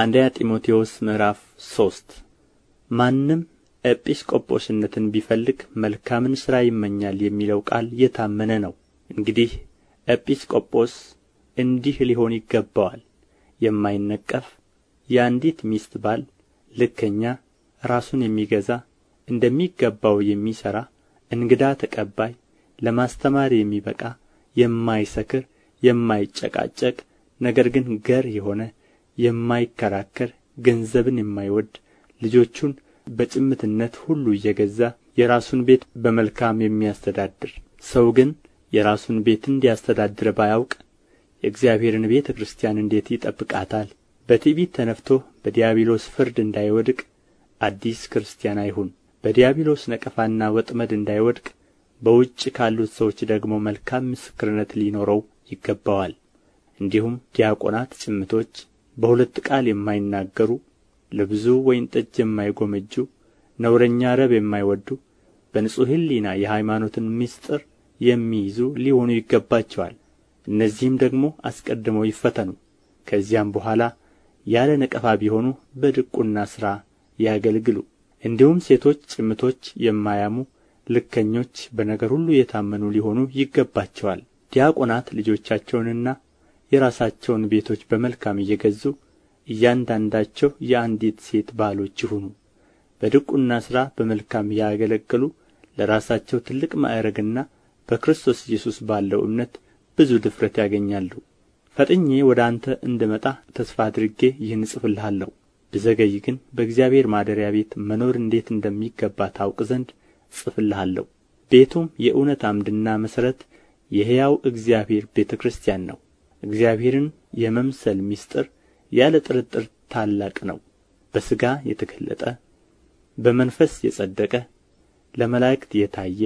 አንደኛ ጢሞቴዎስ ምዕራፍ ሶስት ማንም ኤጲስቆጶስነትን ቢፈልግ መልካምን ሥራ ይመኛል የሚለው ቃል የታመነ ነው እንግዲህ ኤጲስቆጶስ እንዲህ ሊሆን ይገባዋል የማይነቀፍ የአንዲት ሚስት ባል ልከኛ ራሱን የሚገዛ እንደሚገባው የሚሠራ እንግዳ ተቀባይ ለማስተማር የሚበቃ የማይሰክር የማይጨቃጨቅ ነገር ግን ገር የሆነ የማይከራከር ገንዘብን የማይወድ ልጆቹን በጭምትነት ሁሉ እየገዛ የራሱን ቤት በመልካም የሚያስተዳድር ሰው ግን የራሱን ቤት እንዲያስተዳድር ባያውቅ የእግዚአብሔርን ቤተ ክርስቲያን እንዴት ይጠብቃታል? በትዕቢት ተነፍቶ በዲያብሎስ ፍርድ እንዳይወድቅ አዲስ ክርስቲያን አይሁን። በዲያብሎስ ነቀፋና ወጥመድ እንዳይወድቅ በውጭ ካሉት ሰዎች ደግሞ መልካም ምስክርነት ሊኖረው ይገባዋል። እንዲሁም ዲያቆናት፣ ጭምቶች በሁለት ቃል የማይናገሩ ለብዙ ወይን ጠጅ የማይጎመጁ ነውረኛ ረብ የማይወዱ በንጹሕ ሕሊና የሃይማኖትን ምስጢር የሚይዙ ሊሆኑ ይገባቸዋል። እነዚህም ደግሞ አስቀድመው ይፈተኑ፣ ከዚያም በኋላ ያለ ነቀፋ ቢሆኑ በድቁና ሥራ ያገልግሉ። እንዲሁም ሴቶች ጭምቶች፣ የማያሙ ልከኞች፣ በነገር ሁሉ የታመኑ ሊሆኑ ይገባቸዋል። ዲያቆናት ልጆቻቸውንና የራሳቸውን ቤቶች በመልካም እየገዙ እያንዳንዳቸው የአንዲት ሴት ባሎች ይሁኑ በድቁና ሥራ በመልካም ያገለገሉ ለራሳቸው ትልቅ ማዕረግና በክርስቶስ ኢየሱስ ባለው እምነት ብዙ ድፍረት ያገኛሉ። ፈጥኜ ወደ አንተ እንድመጣ ተስፋ አድርጌ ይህን እጽፍልሃለሁ። ብዘገይ ግን በእግዚአብሔር ማደሪያ ቤት መኖር እንዴት እንደሚገባ ታውቅ ዘንድ እጽፍልሃለሁ። ቤቱም የእውነት አምድና መሠረት የሕያው እግዚአብሔር ቤተ ክርስቲያን ነው። እግዚአብሔርን የመምሰል ምስጢር ያለ ጥርጥር ታላቅ ነው በሥጋ የተገለጠ በመንፈስ የጸደቀ ለመላእክት የታየ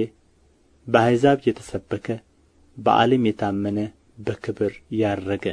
በአሕዛብ የተሰበከ በዓለም የታመነ በክብር ያረገ